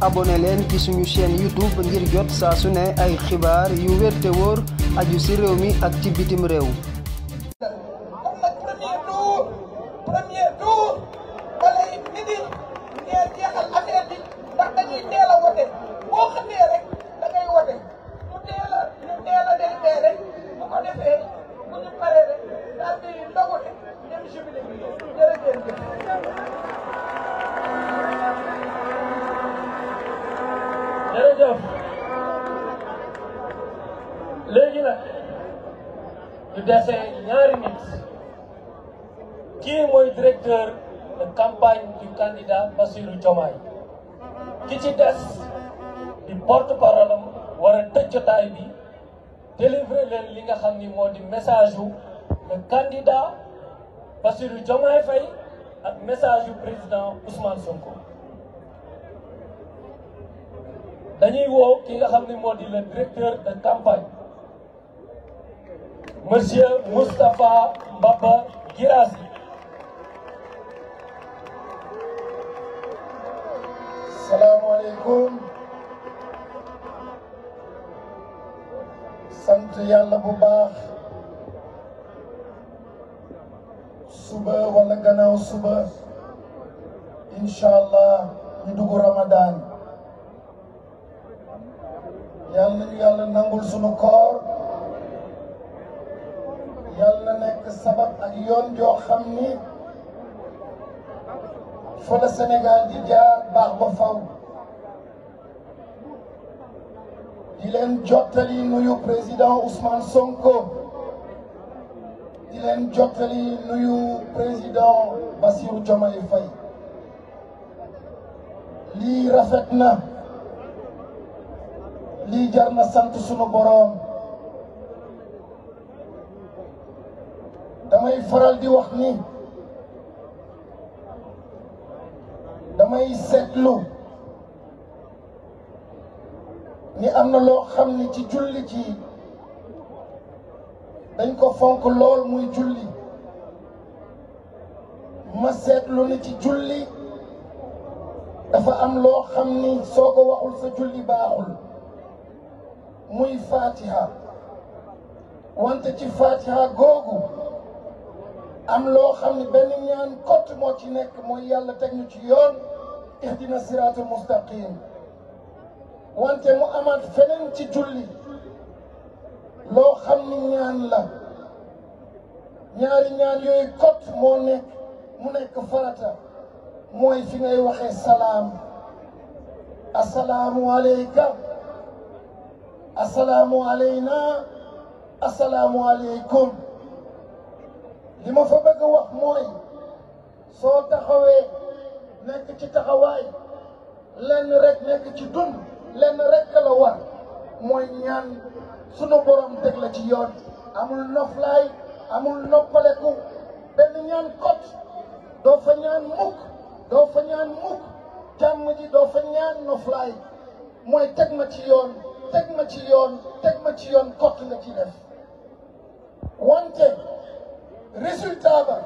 abonné leen ci suñu chaîne YouTube ngir jot saa su ne ay xibaar yu wér aju ci réew mi ak ci bitim réew. Thank you. dese ñaari nit kii mooy directeur de campagne du candidat Bassirou Diomaye ki ci des di porte parole am war a tëj jotaay bi délivrer leen li nga xam ni moo di message yu le candidat Bassirou Diomaye Faye ak message yu président Ousmane ko dañuy woo ki nga xam ni moo di le directeur de campagne. Monsieur Moustapha Mbaba Guirassy. salaamaaleykum. sant yàlla bu baax. suba wala gannaaw suba. incha allah ñu dugg Ramadan. nangul sunu koor. di yoon joo xam ni fa la Sénégal di jaar baax ba faw di leen jottali nuyu président Ousmane Sonko di leen jottali nuyu président Bassirou Diomaye Faye lii rafet na lii jar na sant sunu boroom damay faral di wax ni damay seetlu ni am na loo xam ni ci julli ci dañ ko fonk lool muy julli ma seetlu ni ci julli dafa am loo xam ni soo ko waxul sa julli baaxul muy faatiha wante ci faatiha googu am loo xam ne benn ñaan kott moo ci nekk mooy yàlla teg ñu ci yoon ihdina siraatal mustaqim wante mu amaat feneen ci julli loo xam ni ñaan la ñaari ñaan yooyu kott moo nekk mu nekk farata mooy fi ngay waxee salaam asalaamu aleyka asalaamu aleyna asalaamu aleykum li ma fa bëgg wax mooy soo taxawee nekk ci taxawaay lenn rekk nekk ci dund lenn rek la war mooy ñaan sunu borom teg la ci yoon amul noflaay amul noppaleku benn ñaan kot doo fa ñaan mukk doo fa ñaan mukk jàmm ji doo fa ñaan noflaay mooy teg ma ci yoon teg ma ci yoon teg ma ci yoon kot nga ci def wante résultat ba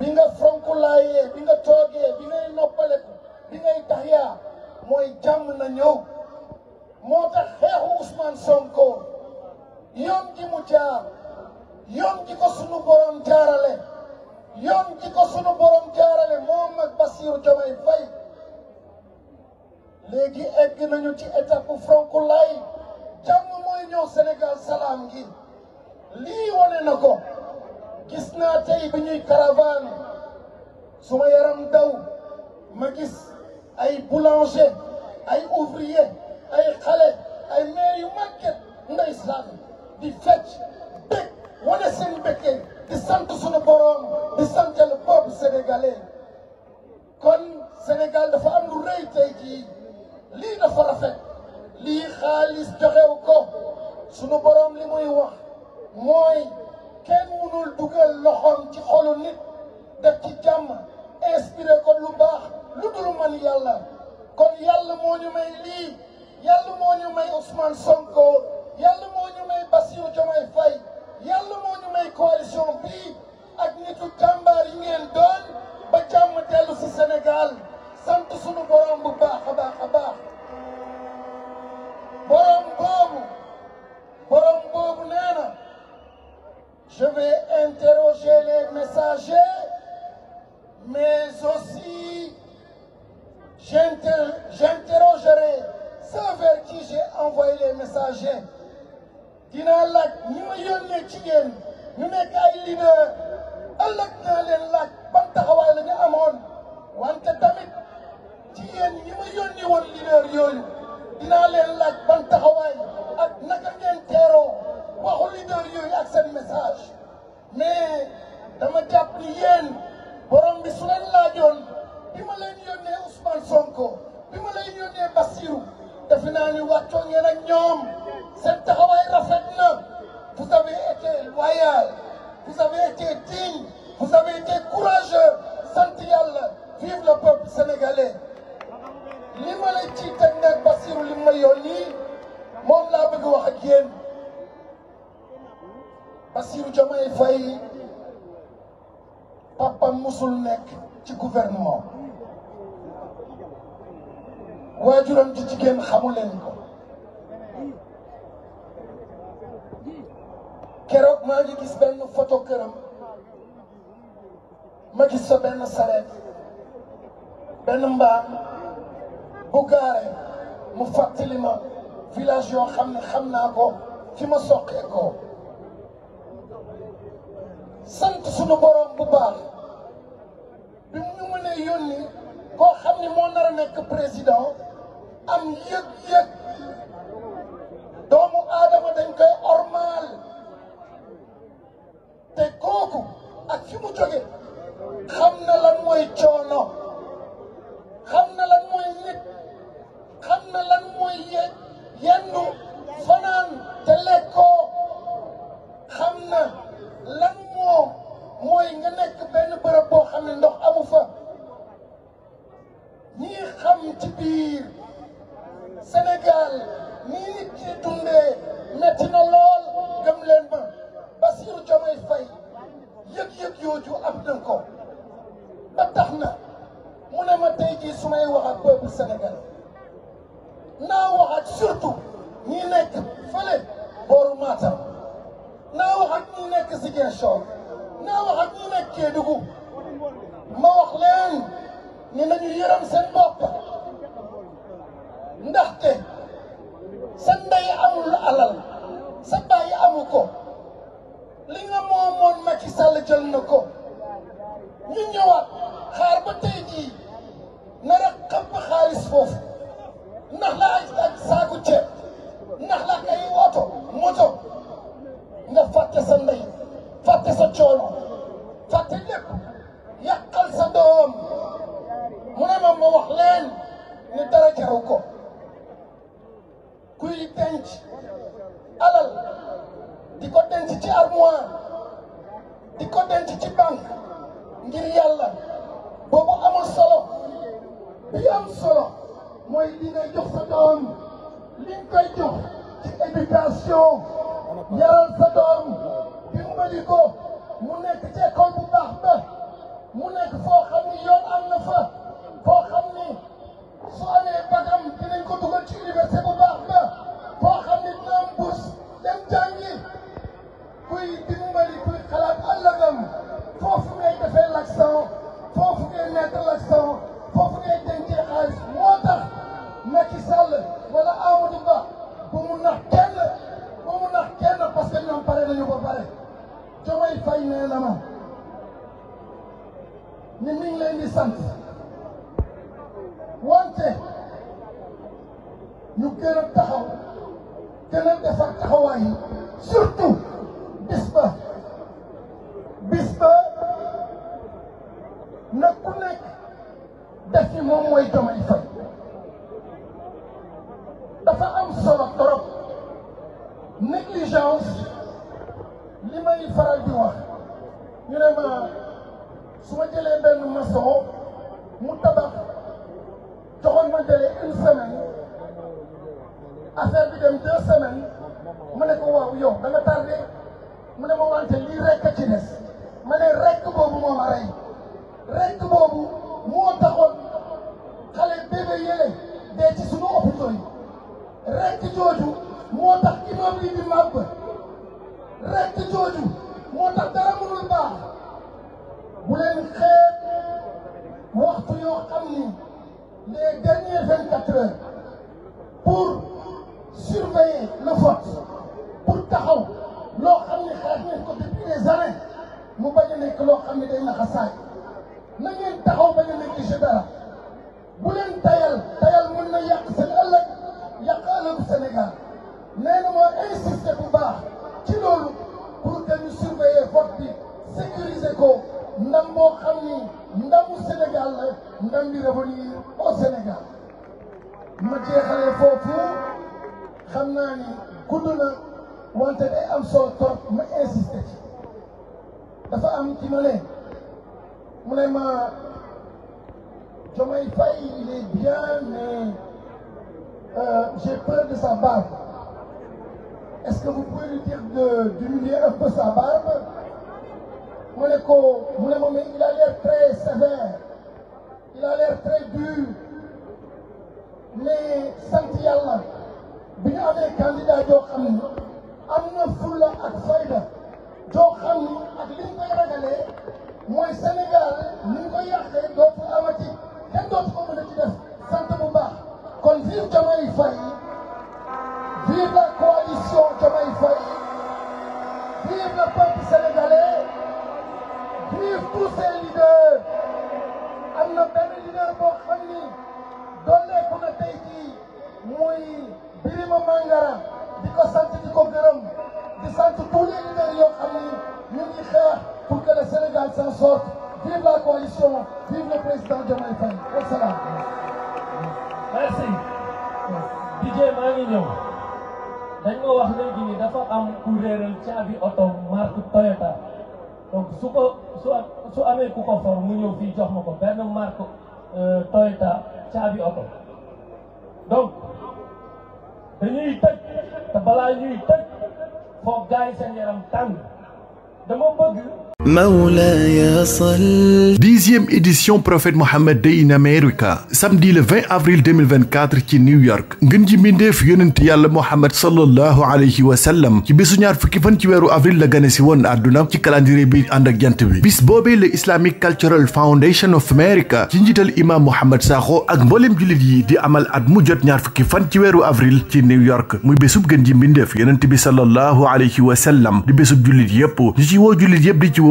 bi nga fonkulaayee bi nga toogee bi ngay noppaleku bi ngay taxyaa mooy jàmm na ñëw moo tax xeexu Ousmane Sonko yoon ji mu jaar yoon ji ko sunu borom jaarale yoon ji ko sunu borom jaarale moom ak Bassirou Diomaye Faye léegi egg nañu ci étape fonkulaay jàmm mooy ñëw senegal salaam gi lii wane na ko gis naa tey bi ñuy caravane suma yaram daw ma gis ay boulanger ay ouvrier ay xale ay maire yu màgget ndeysaan di fecc bég wane seen békkee di sant sunu boroom di santal bopp sénégalais kon Sénégal dafa am lu rëy tey jii lii dafa rafet lii xaalis joxew ko sunu boroom li muy wax mooy kenn mënul dugal loxoom ci xolu nit def ci jàmm inspiré ko lu baax lu dul man yàlla kon yàlla moo ñu may lii yàlla moo ñu may Ousmane Sonko yàlla moo ñu may Bassirou Diomaye Faye yàlla moo ñu may coalition bii ak nitu jàmbaar yi ngeen doon ba jàmm dellu si Sénégal sant sunu borom waajuram ci jigéen xamul leen ko keroog maa ngi gis benn photo këram ma gis sa benn mbaam bu mu fàttali ma village yoo xam ne xam naa ko fi ma soqee ko sant sunu boroom bu baax bi mu ñu mënee yónni koo xam ne moo nar a président am yëg-yëg doomu aadama dañ koy ormaal te kooku ak fi mu xam na lan mooy coono xam na lan mooy nit xam fanaan te lekk Sénégal naa wax ak surtout ñi nekk fële booru Matam naa wax ak ñi nekk naa wax ak ñi nekk Kédougou ma wax leen ni yërëm seen bopp ndaxte sa ndey amul alal sa bàyyi amu ko li nga moomoon Macky Sall jël na ko ñu ñëwaat xaar ba tey jii foofu ndax la ak saako ceeb ndax la ak ay oto nga fàtte sa ndey fàtte sa coono fàtte lépp yàqal sa doom mu ne ma ma wax ni dara jaru kuy denc alal di ko denc ci armoire di ko denc ci banque ngir yàlla boobu amul solo bi am solo mooy li ngay jox sa doom li nga koy jox ci sa doom dimbali ko mu nekk ci école bu baax ba mu nekk foo xam ni yoon am na fa foo xam ni su amee bagam dinañ ko dugal ci université ni mi ngi wante ñu gën a taxaw gën defar taxawaay surtout bis ba bis ba na nekk def ni moom mooy Diomaye Faye dafa am solo trop négligence li may faral di wax ñu ne ma su ma jëlee benn maçon mu tabax joxoon ma délai une semaine affaire bi dem deux semaines mu ne ko waaw yow da nga tardé mu ne ma wante lii rekk ci des ma ne rekk boobu moo ma rey rekk boobu moo taxoon xale bébé yële dee ci sunu hôpitaux yi jooju moo tax immeuble yi di màbb rekk jooju moo tax dara mënul baax bu leen xeeb waxtu yoo xam ni les dernières vingt pour surveiller le vote pour taxaw loo xam ni xeex ko depuis des années mu bañ a nekk loo xam ni day naxasaay na ngeen taxaw bañ a négligé dara bu leen tayal tayal mën na yàq seen ëllëg yàq ëllëgu Sénégal nee moo insister bu baax ci loolu pour que ñu surveiller vote bi sécuriser ko. ndam boo xam ni ndamu Sénégal la ndam bi revenir au Sénégal ma jeexalee foofu xam naa ni gudd na wante day am solo trop ma insisté ci dafa am ci ma leen mu ne ma Diomaye Faye il est euh, de sa barbe est-ce que vous pouvez lui de d'humilier un sa barbe mu ne ko mu ne ma mais il a l'air très sévère il a l'air très dur mais sant yàlla bi ñu amee candidat joo xam ni am na fulla ak fayda joo xam ni ak li ñu koy ragalee mooy Sénégal ni ñu koy yàqee dootul amati kenn dootu ko mën a ci def sant bu baax kon vive Diomaye Faye vive la coalition Diomaye Faye vive le peuple sénégalais tous ces leaders am na benn leader boo xam ni dooleeku na tey jii muy Birima Mangara di ko sant ko gërëm di sant tous les leaders yoo xam ni ñu ngi xeex pour que le Sénégal s'en sorte vive la coalition vive le président Diomaye Faye wa salaam. merci. DJ maa ngi ñëw. dañ ma wax léegi ni dafa am ku réeral caabi oto marque Toyota. donc su ko su su amee ku ko for mu ñëw fi jox ma ko benn marque euh, Toyota caabi oto donc dañuy tëj te balaa ñuy tëj foog gars seen yaram tàng dama bëgg. Mawlaya sall. dixième édition prophète Mohammed Day in America samedi le 20 avril 2024 ci New York ngën ji mbindeef yonent yàlla Mohammed sallallahu alayhi wa sallam ci bésu ñaar fukki fan ci weeru avril la gane si woon àdduna ci calendrier bi ànd ak jant bi bis boobee le Islamic Cultural Foundation of America ci njiital imaam Mohamed Sakho ak mbooleem jullit yi di amal at mu jot ñaar fukki fan ci weeru avril ci New York muy bésub gën ji mbindeef bi sallallahu alayhi wa sallam di bésub jullit yépp ñu ci woo jullit yépp di